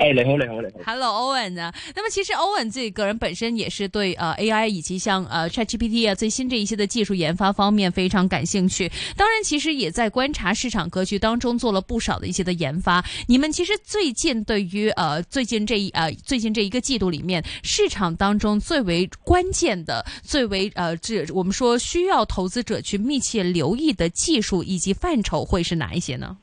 哎，你好，你好，你好。Hello，Owen 呢？那麼其實 Owen 自己個人本身也是對呃 AI 以及像呃 ChatGPT 啊最新這一些的技術研發方面非常感興趣。當然，其實也在觀察市場格局當中做了不少的一些的研發。你們其實最近對於呃最近這一呃最近這一個季度裡面市場當中最為關鍵的、最為呃這我們說需要投資者去密切留意的技術以及範疇會是哪一些呢？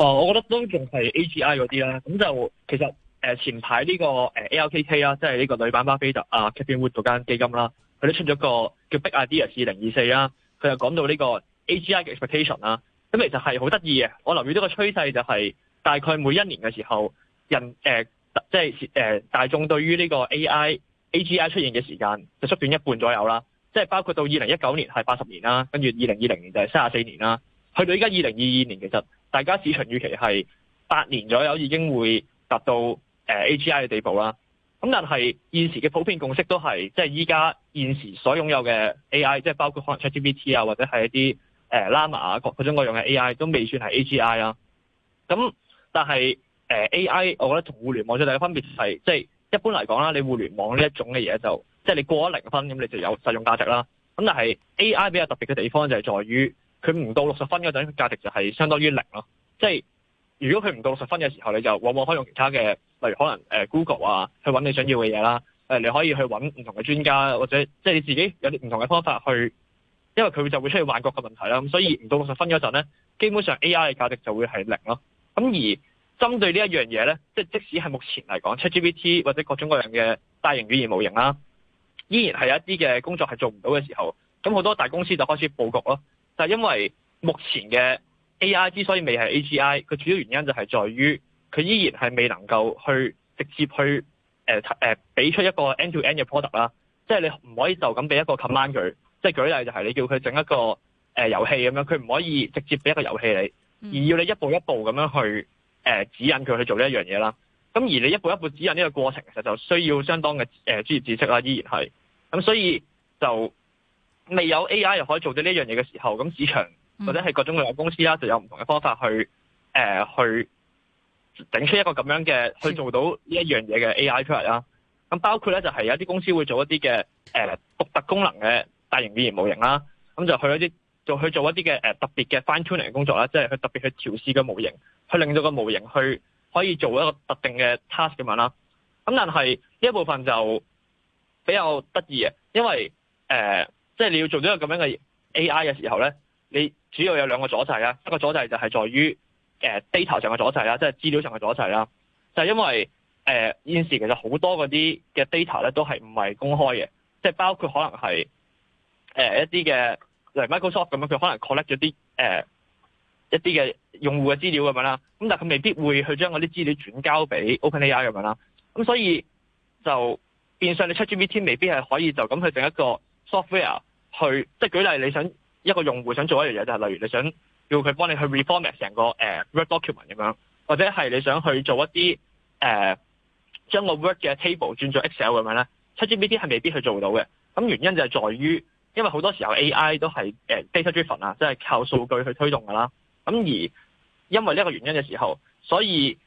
哦，我覺得都仲係 A G I 嗰啲啦。咁就其實誒、呃、前排呢、這個 A R K K 啦，即係呢個女版巴菲特啊 Cathie Wood 嗰間基金啦，佢、啊、都出咗個叫 Big Ideas 二零二四啦。佢又講到呢個 A G I 嘅 expectation 啦。咁、啊、其實係好得意嘅。我留意到個趨勢就係、是、大概每一年嘅時候，人誒即係誒大眾對於呢個 A I A G I 出現嘅時間就縮短一半左右啦、啊。即係包括到二零一九年係八十年啦、啊，跟住二零二零年就係卅四年啦、啊，去到依家二零二二年其實。大家市場預期係八年左右已經會達到 A G I 嘅地步啦。咁但係現時嘅普遍共識都係，即係依家現時所擁有嘅 A I，即係包括可能 Chat GPT 啊，或者係一啲誒 Llama 啊各各種各樣嘅 A I 都未算係 A G I 啦。咁但係 A I，我覺得同互聯網最大嘅分別就係，即係一般嚟講啦，你互聯網呢一種嘅嘢就即係你過咗零分咁，你就有實用價值啦。咁但係 A I 比較特別嘅地方就係在於。佢唔到六十分嗰陣，價值就係相當於零咯。即係如果佢唔到六十分嘅時候，你就往往可以用其他嘅，例如可能誒 Google 啊，去揾你想要嘅嘢啦。誒，你可以去揾唔同嘅專家，或者即係你自己有啲唔同嘅方法去，因為佢就會出現幻覺嘅問題啦。咁所以唔到六十分嗰陣咧，基本上 AI 嘅價值就會係零咯。咁而針對呢一樣嘢咧，即係即使係目前嚟講，ChatGPT 或者各種各樣嘅大型語言模型啦，依然係有一啲嘅工作係做唔到嘅時候，咁好多大公司就開始佈局咯。就因為目前嘅 AI 之所以未係 AGI，佢主要原因就係在於佢依然係未能夠去直接去誒誒俾出一個 end-to-end 嘅 product 啦。即係你唔可以就咁俾一個 command 佢。即係舉例就係你叫佢整一個誒遊戲咁樣，佢、呃、唔可以直接俾一個遊戲你，而要你一步一步咁樣去誒、呃、指引佢去做呢一樣嘢啦。咁而你一步一步指引呢個過程，其實就需要相當嘅誒專業知識啦，依然係咁、嗯、所以就。未有 AI 又可以做到呢樣嘢嘅時候，咁市場或者係各種嘅公司啦、啊，就有唔同嘅方法去誒、呃、去整出一個咁樣嘅去做到呢一樣嘢嘅 AI 出嚟啦、啊。咁包括咧就係有啲公司會做一啲嘅誒獨特功能嘅大型語言模型啦、啊。咁就去一啲做去做一啲嘅、呃、特別嘅 fine tuning 工作啦、啊，即係去特別去調試個模型，去令到個模型去可以做一個特定嘅 task 咁樣啦。咁但係呢一部分就比較得意嘅，因為誒。呃即係你要做呢個咁樣嘅 AI 嘅時候咧，你主要有兩個阻滯啦。一個阻滯就係在於 data 上嘅阻滯啦，即係資料上嘅阻滯啦。就係、因為誒、呃、現時其實好多嗰啲嘅 data 咧都係唔係公開嘅，即係包括可能係誒、呃、一啲嘅例如 Microsoft 咁樣，佢可能 collect 咗啲誒一啲嘅、呃、用戶嘅資料咁樣啦。咁但係佢未必會去將嗰啲資料轉交俾 OpenAI 咁樣啦。咁所以就變相你出 ChatGPT 未必係可以就咁去整一個 software。去即係舉例，你想一個用戶想做一樣嘢，就係例如你想叫佢幫你去 reform 成個誒、呃、word document 咁樣，或者係你想去做一啲誒將個 word 嘅 table 轉做 Excel 咁樣咧，七 G B D 係未必去做到嘅。咁原因就係在於因為好多時候 AI 都係誒 data driven 啊，即係靠數據去推動噶啦。咁而因為呢一個原因嘅時候，所以誒、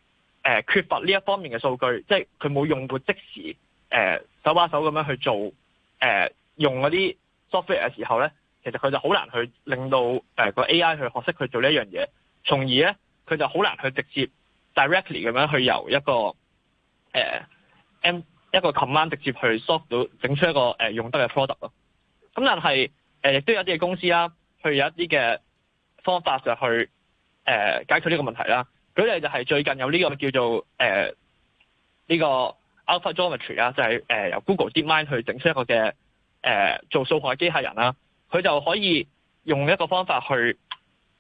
呃、缺乏呢一方面嘅數據，即係佢冇用戶即時誒、呃、手把手咁樣去做誒、呃、用嗰啲。software 嘅時候咧，其實佢就好難去令到誒、呃個 AI 去學識去做呢一樣嘢，從而咧佢就好難去直接 directly 咁樣去由一個誒、呃、M 一個 command 直接去 soft 到整出一個、呃、用得嘅 product 咯。咁但係誒亦都有啲嘅公司啦，去有一啲嘅方法就去誒、呃、解決呢個問題啦。佢哋就係最近有呢個叫做誒呢、呃呢個 AlphaGeometry 啦、就係，就、呃、係由 Google DeepMind 去整出一個嘅。誒、呃、做數學嘅機械人啦、啊，佢就可以用一個方法去誒、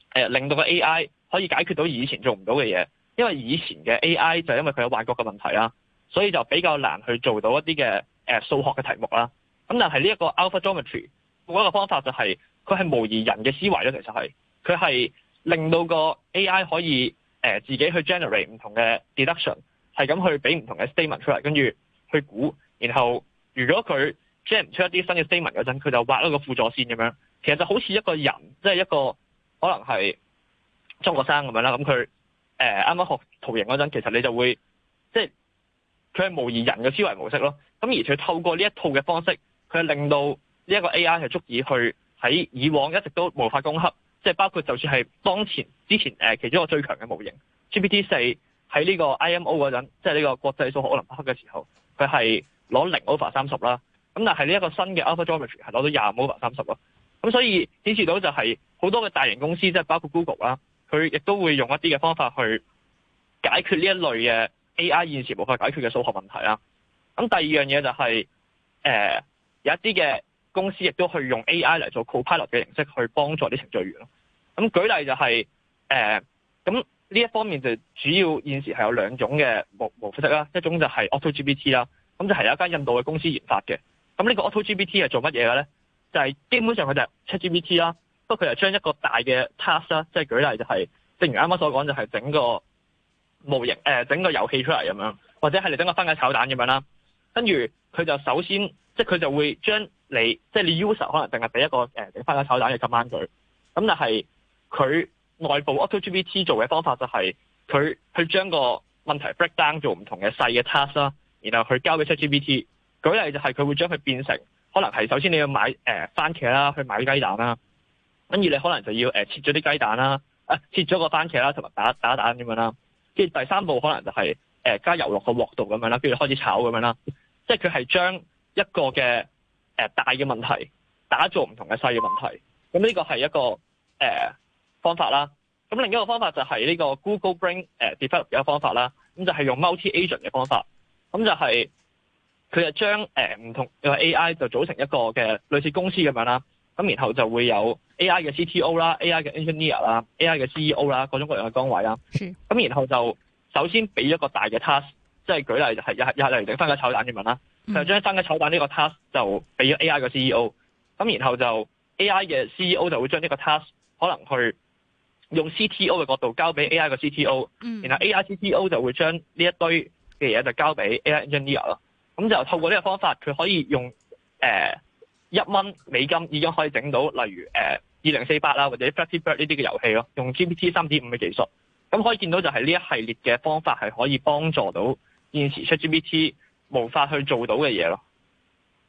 呃、令到個 A.I. 可以解決到以前做唔到嘅嘢，因為以前嘅 A.I. 就因為佢有幻覺嘅問題啦、啊，所以就比較難去做到一啲嘅誒數學嘅題目啦、啊。咁但係呢一個 AlphaGeometry 嗰個方法就係佢係模擬人嘅思維咯、啊，其實係佢係令到個 A.I. 可以誒、呃、自己去 generate 唔同嘅 deduction，係咁去俾唔同嘅 statement 出嚟，跟住去估，然後如果佢。即係唔出一啲新嘅 statement 嗰陣，佢就畫一個輔助線咁樣。其實就好似一個人，即係一個可能係中學生咁樣啦。咁佢誒啱啱學圖形嗰陣，其實你就會即係佢係模擬人嘅思維模式咯。咁而且透過呢一套嘅方式，佢係令到呢一個 A.I. 係足以去喺以往一直都無法攻克，即係包括就算係當前之前、呃、其中一個最強嘅模型 G.P.T. 四喺呢個 I.M.O. 嗰陣，即係呢個國際數學奧林匹克嘅時候，佢係攞零 over 三十啦。咁但係呢一個新嘅 AlphaGeometry 係攞到廿五或者三十咯，咁所以顯示到就係好多嘅大型公司，即係包括 Google 啦，佢亦都會用一啲嘅方法去解決呢一類嘅 AI 現時無法解決嘅數學問題啦。咁第二樣嘢就係、是、誒、呃、有一啲嘅公司亦都去用 AI 嚟做 Copilot 嘅形式去幫助啲程序員咯。咁舉例就係誒，咁呢一方面就主要現時係有兩種嘅模模式啦，一種就係 AutoGPT 啦，咁就係有一間印度嘅公司研發嘅。咁呢個 Auto GPT 係做乜嘢嘅咧？就係、是、基本上佢就 Chat GPT 啦，不過佢係將一個大嘅 task 啦，即、就、係、是、舉例就係，正如啱啱所講，就係整個模型、呃、整個遊戲出嚟咁樣，或者係你整個番茄炒蛋咁樣啦。跟住佢就首先，即係佢就會將你即係、就是、你 user 可能淨係俾一個誒番茄炒蛋嘅咁啱佢，咁但係佢內部 Auto GPT 做嘅方法就係佢去將個問題 break down 做唔同嘅細嘅 task 啦，然後佢交俾 Chat GPT。舉例就係佢會將佢變成，可能係首先你要買誒、呃、番茄啦，去買啲雞蛋啦，跟住你可能就要誒、呃、切咗啲雞蛋啦，啊、呃、切咗個番茄啦，同埋打打蛋咁樣啦，跟住第三步可能就係、是呃、加油落個鑊度咁樣啦，跟住開始炒咁樣啦，即係佢係將一個嘅誒、呃、大嘅問題打造唔同嘅細嘅問題，咁呢個係一個誒、呃、方法啦。咁另一個方法就係呢個 Google Brain 誒、呃、develop 嘅方法啦，咁就係用 multi-agent 嘅方法，咁就係、是。佢就將誒唔同 AI 就組成一個嘅類似公司咁樣啦，咁然後就會有 AI 嘅 CTO 啦、AI 嘅 engineer 啦、AI 嘅 CEO 啦，各種各樣嘅崗位啦。是。咁然後就首先俾一個大嘅 task，即係舉例係又係又係例如整翻個炒蛋嘅問啦，嗯、就將整翻個炒蛋呢個 task 就俾咗 AI 嘅 CEO，咁然後就 AI 嘅 CEO 就會將呢個 task 可能去用 CTO 嘅角度交俾 AI 嘅 CTO，嗯、然後 AI CTO 就會將呢一堆嘅嘢就交俾 AI engineer 咯。咁就透過呢個方法，佢可以用誒一蚊美金已經可以整到，例如誒二零四八啦，呃、2048，或者 Flappy Bird 呢啲嘅遊戲咯。用 GPT 三點五嘅技術，咁可以見到就係呢一系列嘅方法係可以幫助到現時出 GPT 無法去做到嘅嘢咯。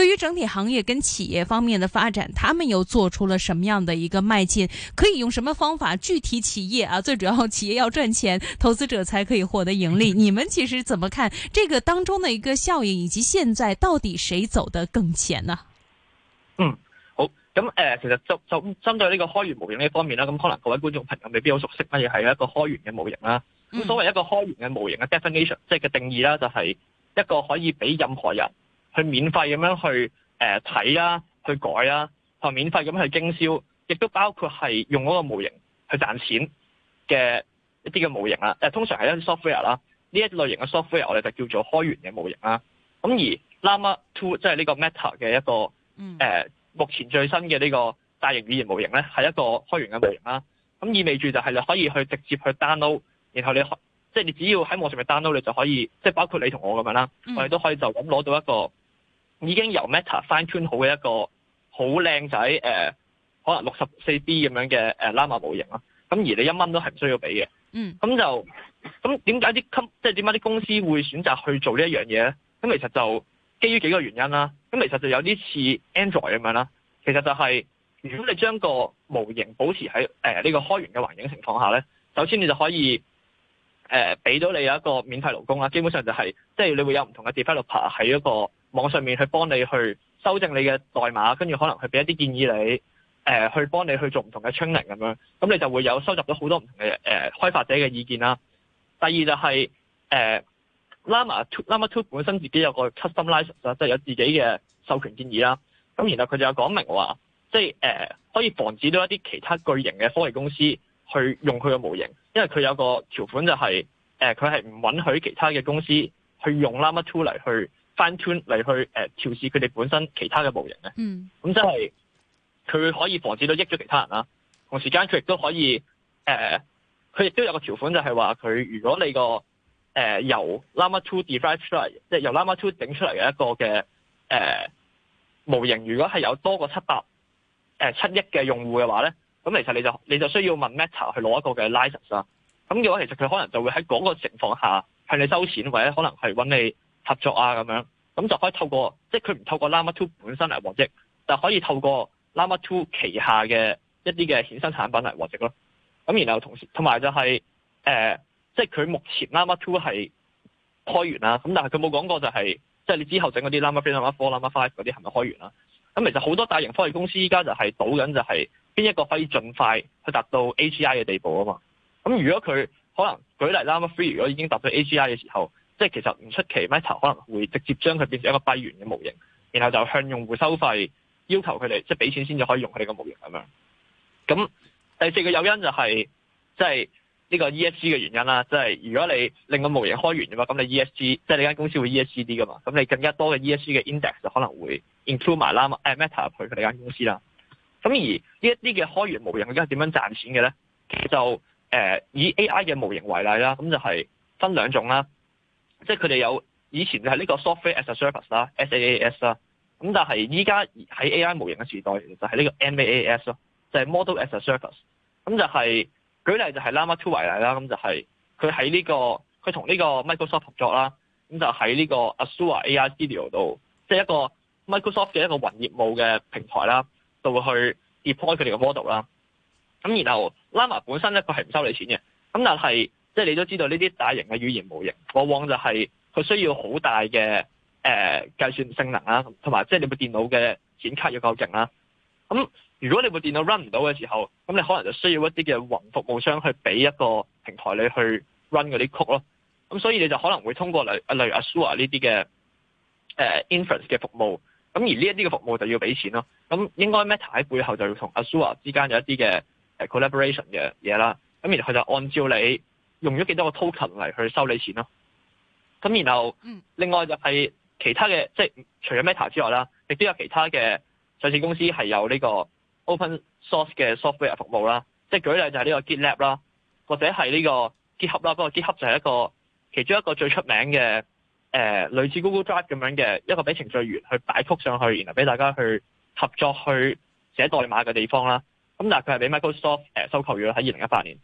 對於整體行業跟企業方面的發展，他們又做出了什麼樣的一個邁進？可以用什麼方法？具體企業啊，最主要企業要賺錢，投資者才可以獲得盈利。你們其實怎麼看這個當中的一個效應，以及現在到底誰走得更前呢？嗯，好。咁誒、呃，其實就針針對呢個開源模型呢方面啦，咁可能各位觀眾朋友未必好熟悉乜嘢係一個開源嘅模型啦。咁、嗯、所謂一個開源嘅模型嘅 definition，即係嘅定義啦，就係、是、一個可以俾任何人。去免費咁樣去誒睇呀，去改呀、啊，同免費咁去經銷，亦都包括係用嗰個模型去賺錢嘅一啲嘅模型啦、啊呃。通常係一啲 software 啦，呢一類型嘅 software 我哋就叫做開源嘅模型啦、啊。咁而 Llama 2即係呢個 Meta 嘅一個誒、呃、目前最新嘅呢個大型語言模型咧，係一個開源嘅模型啦、啊。咁、嗯、意味住就係你可以去直接去 download，然後你即係你只要喺網上面 download，你就可以即係包括你同我咁樣啦、啊嗯，我哋都可以就咁攞到一個。已經由 Meta fine-tune 好嘅一個好靚仔誒、呃，可能六十四 B 咁樣嘅 Lama 模型啦，咁而你一蚊都係唔需要俾嘅。嗯。咁就咁點解啲，即係點解啲公司會選擇去做呢一樣嘢咧？咁其實就基於幾個原因啦。咁其實就有啲似 Android 咁樣啦。其實就係如果你將個模型保持喺誒呢個開源嘅環境情況下咧，首先你就可以誒俾、呃、到你有一個免費勞工啦。基本上就係即係你會有唔同嘅 developer 喺一個。網上面去幫你去修正你嘅代碼，跟住可能去俾一啲建議你，誒、呃、去幫你去做唔同嘅 training 咁樣，咁你就會有收集到好多唔同嘅誒開發者嘅意見啦。第二就係誒 Llama Two，Llama Two 本身自己有個 custom license 即係有自己嘅授權建議啦。咁然後佢就有講明話，即係誒可以防止到一啲其他巨型嘅科技公司去用佢嘅模型，因為佢有個條款就係誒佢係唔允許其他嘅公司去用 Llama Two 嚟去。fine tune 嚟去誒調試佢哋本身其他嘅模型嘅，咁即係佢可以防止到益咗其他人啦、啊。同時間佢亦都可以誒佢亦都有個條款就係話佢如果你個誒、呃、由 Llama 2 derive 出嚟，即、就、係、是、由 Llama 2整出嚟嘅一個嘅誒、呃、模型，如果係有多過七百誒、呃、七億嘅用戶嘅話咧，咁其實你就你就需要問 Meta 去攞一個嘅 license 啦，咁嘅話其實佢可能就會喺嗰個情況下向你收錢或者可能係揾你。合作啊，咁樣，咁就可以透過即係佢唔透過 Llama 2本身嚟獲益，但可以透過 Llama 2旗下嘅一啲嘅衍生產品嚟獲益咯。咁然後同時同埋就係誒，即係佢目前 Llama 2係開源啦，咁但係佢冇講過就係即係你之後整嗰啲 Llama 3、Llama 4、Llama 5嗰啲係咪開源啦？咁其實好多大型科技公司依家就係賭緊就係邊一個可以盡快去達到 AGI 嘅地步啊嘛。咁如果佢可能舉例 Llama 3如果已經達到 AGI 嘅時候，即係其實唔出奇，Meta 可能會直接將佢變成一個閉源嘅模型，然後就向用戶收費，要求佢哋即係俾錢先至可以用佢哋個模型咁樣。咁第四個誘因就係即係呢個 ESG 嘅原因啦。即係如果你令個模型開源嘅話，咁你 ESG 即係你間公司會 ESG 啲噶嘛。咁你更加多嘅 ESG 嘅 index 就可能會 include 埋啦 Meta 入去佢哋間公司啦。咁而呢一啲嘅開源模型佢而家點樣賺錢嘅咧？就誒、呃、以 AI 嘅模型為例啦，咁就係分兩種啦。即係佢哋有以前就係呢個 software as a service 啦 ,SAAS 啦，咁但係依家喺 AI 模型嘅時代就係呢個 MAAS 啦就係 model as a service，咁就係、是、舉例就係 Lama Two 為例啦，咁就係佢喺呢個佢同呢個 Microsoft 合作啦，咁就喺呢個 Azure AI Studio 度，即、就、係、是、一個 Microsoft 嘅一個雲業務嘅平台啦，到去 deploy 佢哋嘅 model 啦，咁然後 Lama 本身呢佢係唔收你錢嘅，咁但係即係你都知道呢啲大型嘅語言模型，往往就係佢需要好大嘅誒、呃、計算性能啦，同埋即係你部電腦嘅顯卡要夠勁啦。咁如果你部電腦 run 唔到嘅時候，咁你可能就需要一啲嘅雲服務商去俾一個平台你去 run 嗰啲曲咯。咁所以你就可能會通過例例如 Azure 呢啲嘅 inference 嘅服務。咁而呢一啲嘅服務就要俾錢咯。咁應該 Meta 喺背後就要同 Azure 之間有一啲嘅 collaboration 嘅嘢啦。咁然後佢就按照你用咗幾多個 token 嚟去收你錢咯、啊？咁然後，另外就係其他嘅，即係除咗 Meta 之外啦，亦都有其他嘅上市公司係有呢個 open source 嘅 software 服務啦。即係舉例就係呢個 GitLab 啦，或者係呢個 GitHub 啦。不過 GitHub 就係一個其中一個最出名嘅，誒、呃、類似 Google Drive 咁樣嘅一個俾程序員去擺曲上去，然後俾大家去合作去寫代碼嘅地方啦。咁但係佢係俾 Microsoft、呃、收購咗喺二零一八年。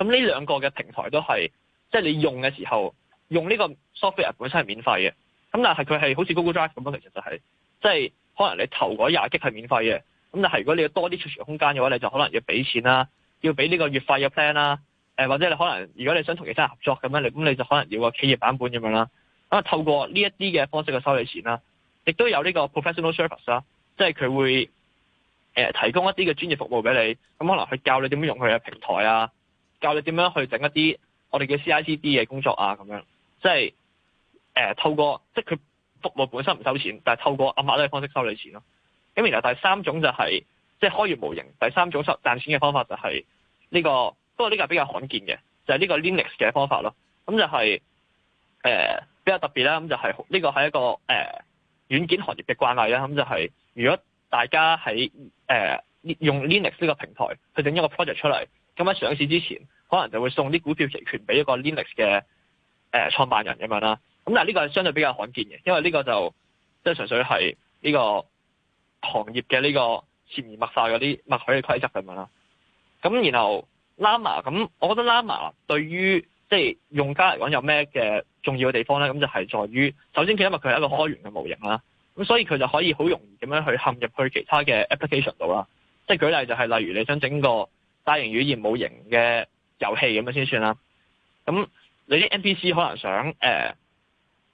咁呢兩個嘅平台都係，即係你用嘅時候，用呢個 software 本身係免費嘅。咁但係佢係好似 Google Drive 咁樣，其實就係，即係可能你頭嗰廿 GB 係免費嘅。咁但係如果你要多啲儲存空間嘅話，你就可能要俾錢啦，要俾呢個月費嘅 plan 啦。誒、或者你可能如果你想同其他人合作咁樣，你咁你就可能要個企業版本咁樣啦。咁透過呢一啲嘅方式去收你錢啦，亦都有呢個 professional service 啦，即係佢會誒、提供一啲嘅專業服務俾你，咁可能去教你點樣用佢嘅平台啊。教你點樣去整一啲我哋嘅 CICD 嘅工作啊，咁樣即係誒、呃、透過即係佢服務本身唔收錢，但係透過阿都咧方式收你錢咯。咁然後第三種就係、是、即係開源模型，第三種收賺錢嘅方法就係、是、呢、這個，不過呢個係比較罕見嘅就係、是、呢個 Linux 嘅方法咯。咁就係、是、誒、呃、比較特別啦，咁就係、是、呢、這個係一個誒軟、呃、件行業嘅慣例啦。咁就係、是、如果大家喺誒、呃、用 Linux 呢個平台去整一個 project 出嚟。咁喺上市之前，可能就會送啲股票期權俾一個 Linux 嘅誒、呃、創辦人咁樣啦。咁但係呢個係相對比較罕見嘅，因為呢個就即係、就是、純粹係呢個行業嘅呢個潛移默化嗰啲默許嘅規則咁樣啦。咁然後 Llama 咁我覺得 Llama 對於即係、就是、用家嚟講有咩嘅重要嘅地方咧？咁就係在於，首先佢因為佢係一個開源嘅模型啦，咁所以佢就可以好容易咁樣去陷入去其他嘅 application 度啦。即、就、係、是、舉例就係例如你想整個大型語言模型嘅遊戲咁樣先算啦。咁你啲 NPC 可能想誒，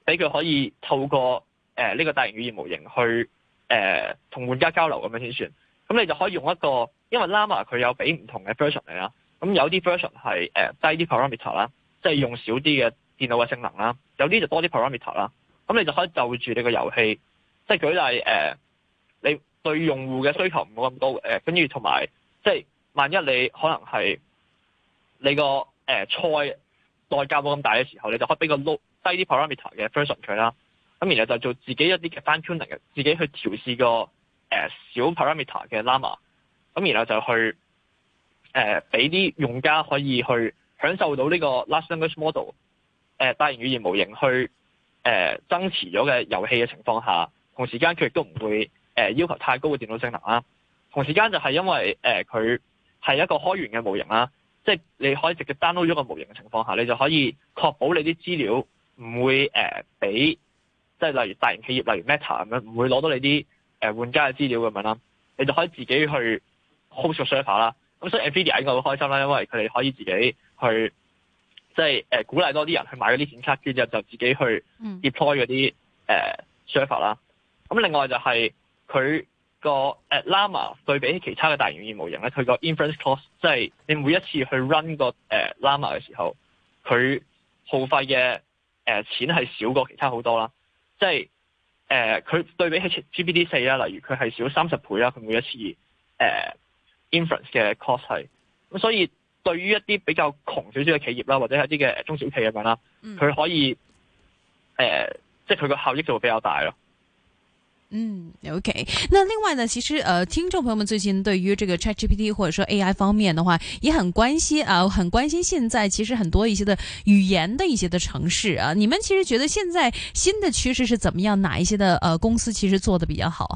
俾、呃、佢可以透過誒呢、呃呢個大型語言模型去誒同、呃、玩家交流咁樣先算。咁你就可以用一個，因為 Llama 佢有俾唔同嘅 version 嚟啦。咁有啲 version 係低啲 parameter 啦，即係用少啲嘅電腦嘅性能啦。有啲就多啲 parameter 啦。咁你就可以就住你個遊戲，即係舉例誒、呃，你對用戶嘅需求唔好咁高，跟住同埋即係。呃萬一你可能係你個誒、呃、菜代價冇咁大嘅時候，你就可以俾個 low 低啲 parameter 嘅 version 佢啦。咁然後就做自己一啲嘅 fine tuning，自己去調試個誒、呃、小 parameter 嘅 Llama。咁然後就去誒俾啲用家可以去享受到呢個 large language model 誒、呃、大型語言模型去誒、呃、增持咗嘅遊戲嘅情況下，同時間佢亦都唔會誒、呃、要求太高嘅電腦性能啦。同時間就係因為誒佢。呃係一個開源嘅模型啦，即係你可以直接 download 咗個模型嘅情況下，你就可以確保你啲資料唔會誒俾，即係例如大型企業例如 Meta 咁樣，唔會攞到你啲誒玩家嘅資料咁樣啦。你就可以自己去 host 個 server 啦。咁所以 Nvidia 應該好開心啦，因為佢哋可以自己去即係誒鼓勵多啲人去買嗰啲顯卡之後，就自己去 deploy 嗰啲誒 server 啦。咁另外就係佢個誒 Llama 對比起其他嘅大語言模型咧，佢個 inference cost 即係你每一次去 run 個誒 Llama 嘅時候，佢耗費嘅誒錢係少過其他好多啦。即係誒佢對比起 GPT 四啦，例如佢係少三十倍啦，佢每一次誒 inference 嘅 cost 係，咁，所以對於一啲比較窮少少嘅企業啦，或者一啲嘅中小企業咁樣啦，佢可以誒、呃、即係佢個效益就會比較大咯。嗯，OK。那另外呢，其實，呃，聽眾朋友們最近對於這個 Chat GPT 或者說 AI 方面的話，也很關心啊、呃，很關心。現在其實很多一些的語言的一些的城市啊，你們其實覺得現在新的趨勢是怎麼樣？哪一些的呃公司其實做的比較好啊？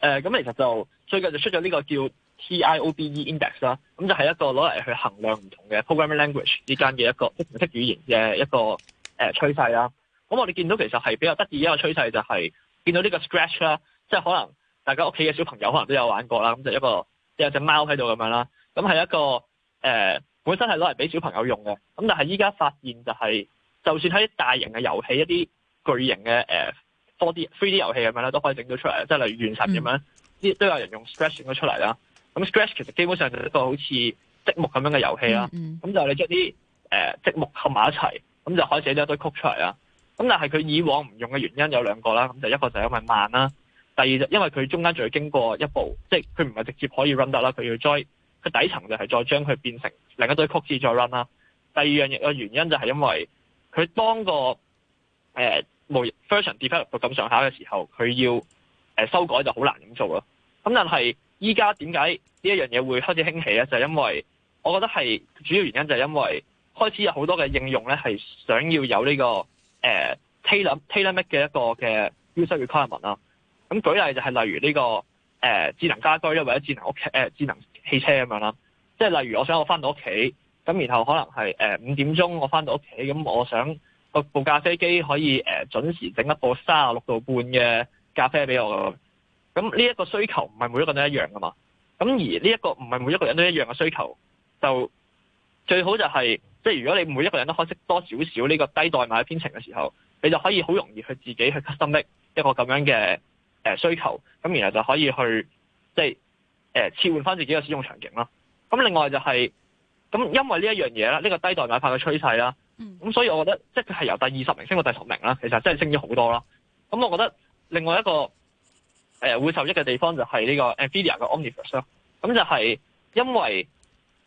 誒、呃，咁其實就最近就出咗呢個叫 TIOBE Index 啦，咁就係一個攞嚟去衡量唔同嘅 programming language 之間嘅一個即係程式語言嘅一個誒、呃、趨勢啦、啊。咁我哋見到其實係比較得意一個趨勢就係、是。見到呢個 Scratch 啦，即係可能大家屋企嘅小朋友可能都有玩過啦，咁就一個有一隻貓喺度咁樣啦，咁係一個誒、呃、本身係攞嚟俾小朋友用嘅，咁但係依家發現就係、是，就算喺大型嘅遊、呃、遊戲一啲巨型嘅誒多啲 3D 遊戲咁樣啦都可以整到出嚟，即係例如《原神》咁樣，呢都有人用 Scratch 整咗出嚟啦。咁 Scratch 其實基本上就係一個好似積木咁樣嘅遊戲啦，咁、mm-hmm. 就你將啲誒積木合埋一齊，咁就可以寫咗一堆曲出嚟啦。咁但係佢以往唔用嘅原因有兩個啦，咁就一個就係因為慢啦。第二就因為佢中間仲要經過一步，即係佢唔係直接可以 run 得啦，佢要層再佢底層就係再將佢變成另一堆曲子再 run 啦。第二樣嘢嘅原因就係因為佢當個誒、呃、version develop、到、咁上下嘅時候，佢要誒、呃、修改就好難咁做咯。咁但係依家點解呢一樣嘢會開始興起咧？就係、是、因為我覺得係主要原因就因為開始有好多嘅應用咧，係想要有呢、這個。誒 Taylor t a y l 嘅 r Mac 嘅一個嘅 user requirement 啦，咁舉例就係例如呢、這個誒、呃、智能家居啦，或者智能屋誒、呃、智能汽車咁樣啦，即係例如我想我翻到屋企，咁然後可能係誒五點鐘我翻到屋企，咁我想部咖啡機可以誒、呃、準時整一個三十六度半嘅咖啡俾我，咁呢一個需求唔係每一個人都一樣噶嘛，咁而呢一個唔係每一個人都一樣嘅需求，就最好就係、是。即係如果你每一個人都可以識多少少呢個低代碼編程嘅時候，你就可以好容易去自己去深逼一個咁樣嘅、呃、需求，咁然後就可以去即係、呃、切換返自己嘅使用場景咯。咁另外就係、是、咁，那因為呢一樣嘢啦，呢、這個低代碼化嘅趨勢啦，咁所以我覺得即係佢係由第二十名升到第十名啦，其實真係升咗好多啦。咁我覺得另外一個誒、呃、會受益嘅地方就係呢個 NVIDIA 嘅 Omniverse 咯，咁就係因為。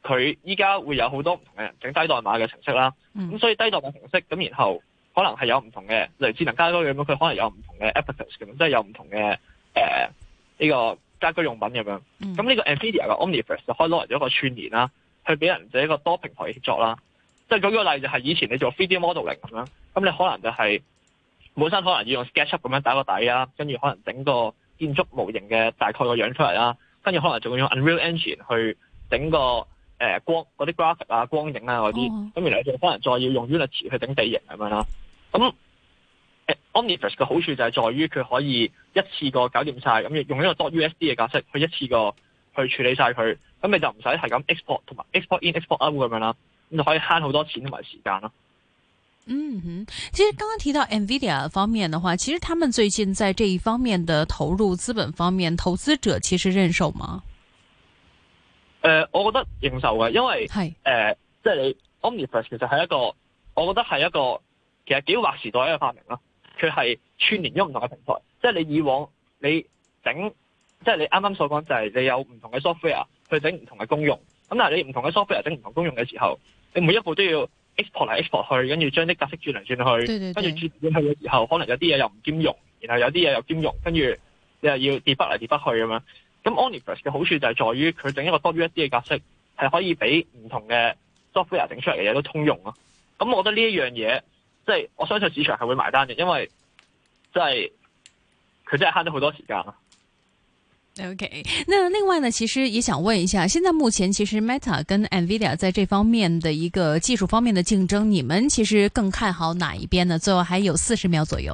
佢依家會有好多唔同嘅人整低代碼嘅程式啦，咁、嗯嗯、所以低代碼程式咁，然後可能係有唔同嘅，例如智能家居咁樣，佢可能有唔同嘅 applications 咁，即係有唔同嘅誒呢個家居用品咁樣。咁、嗯、呢、嗯這個 Nvidia 嘅 Omniverse 就開攞嚟咗一個串聯啦，去俾人哋一個多平台嘅協作啦。即係舉個例就係以前你做 3D modeling 咁樣，咁你可能就係本身可能要用 Sketchup 咁樣打個底啊，跟住可能整個建築模型嘅大概個樣出嚟啦，跟住可能仲要用 Unreal Engine 去整個。誒，光嗰啲 graphic 啊、光影啊嗰啲，咁、oh。原嚟咧，仲可能再要用 Unity 去整地形咁樣啦。咁，誒、嗯、Omniverse 嘅好處就係在於佢可以一次過搞個搞掂晒，咁用一個 dot USD 嘅格式去一次過去處理晒佢，咁你就唔使係咁 export 同埋 export in export out 咁樣啦，咁就可以慳好多錢同埋時間咯。嗯哼，其實剛剛提到 Nvidia 方面嘅話，其實他們最近在這一方面嘅投入資本方面，投資者其實認受嗎？誒、呃，我覺得認受嘅，因為誒、呃，即係你 Omniverse 其實係一個，我覺得係一個其實幾劃時代嘅發明啦。佢係串聯咗唔同嘅平台，即係你以往你整，即係你啱啱所講就係你有唔同嘅 software 去整唔同嘅功用。咁但係你唔同嘅 software 整唔同功用嘅時候，你每一步都要 export 嚟 export 去，跟住將啲格式轉嚟轉去，跟住轉去嘅時候，可能有啲嘢又唔兼容，然後有啲嘢又兼容，跟住你又要 debug 嚟 debug 去咁樣。咁 Omniverse 嘅好處就係在於佢整一個 USD 嘅格式，係可以俾唔同嘅 software 整出嚟嘅嘢都通用咯、啊。咁我覺得呢一樣嘢，即、就、係、是、我相信市場係會埋單嘅，因為即係佢真係慳咗好多時間咯、啊。OK，那另外呢，其實也想問一下，現在目前其實 Meta 跟 NVIDIA 在這方面的一個技術方面的競爭，你們其實更看好哪一邊呢？最後還有四十秒左右。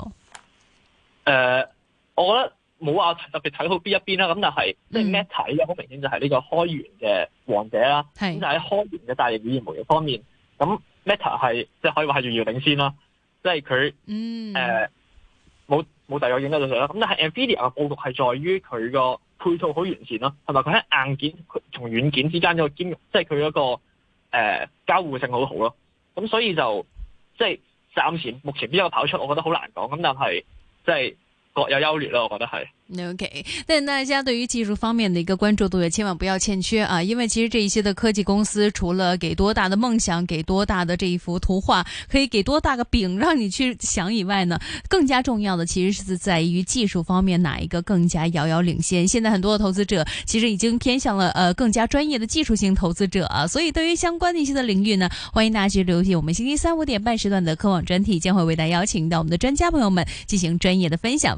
誒、呃，我覺得。冇話特別睇好邊一邊啦，咁但係、嗯、即係 Meta 依家好明顯就係呢個開源嘅王者啦，咁就喺開源嘅大語言模型方面，咁 Meta 係即係可以話係遙遙領先啦，即係佢誒冇冇第二個贏得到佢啦。咁但係 Nvidia 嘅布局係在於佢個配套好完善咯，係咪？佢喺硬件同軟件之間嗰個兼容，即係佢嗰個、呃、交互性好好咯。咁所以就即係暫時目前邊個跑出，我覺得好難講。咁但係即係。有優劣了，我覺得係。OK，但大家對於技術方面的一個關注度，也千萬不要欠缺啊！因為其實這一些的科技公司，除了給多大的夢想、給多大的這一幅圖畫、可以給多大個餅讓你去想以外呢，更加重要的其實是在於技術方面哪一個更加遙遙領先。現在很多的投資者其實已經偏向了，呃，更加專業的技術性投資者啊。所以對於相關的一些的領域呢，歡迎大家去留意我們星期三五點半時段的科網專題，將會為大家邀請到我們的專家朋友們進行專業的分享。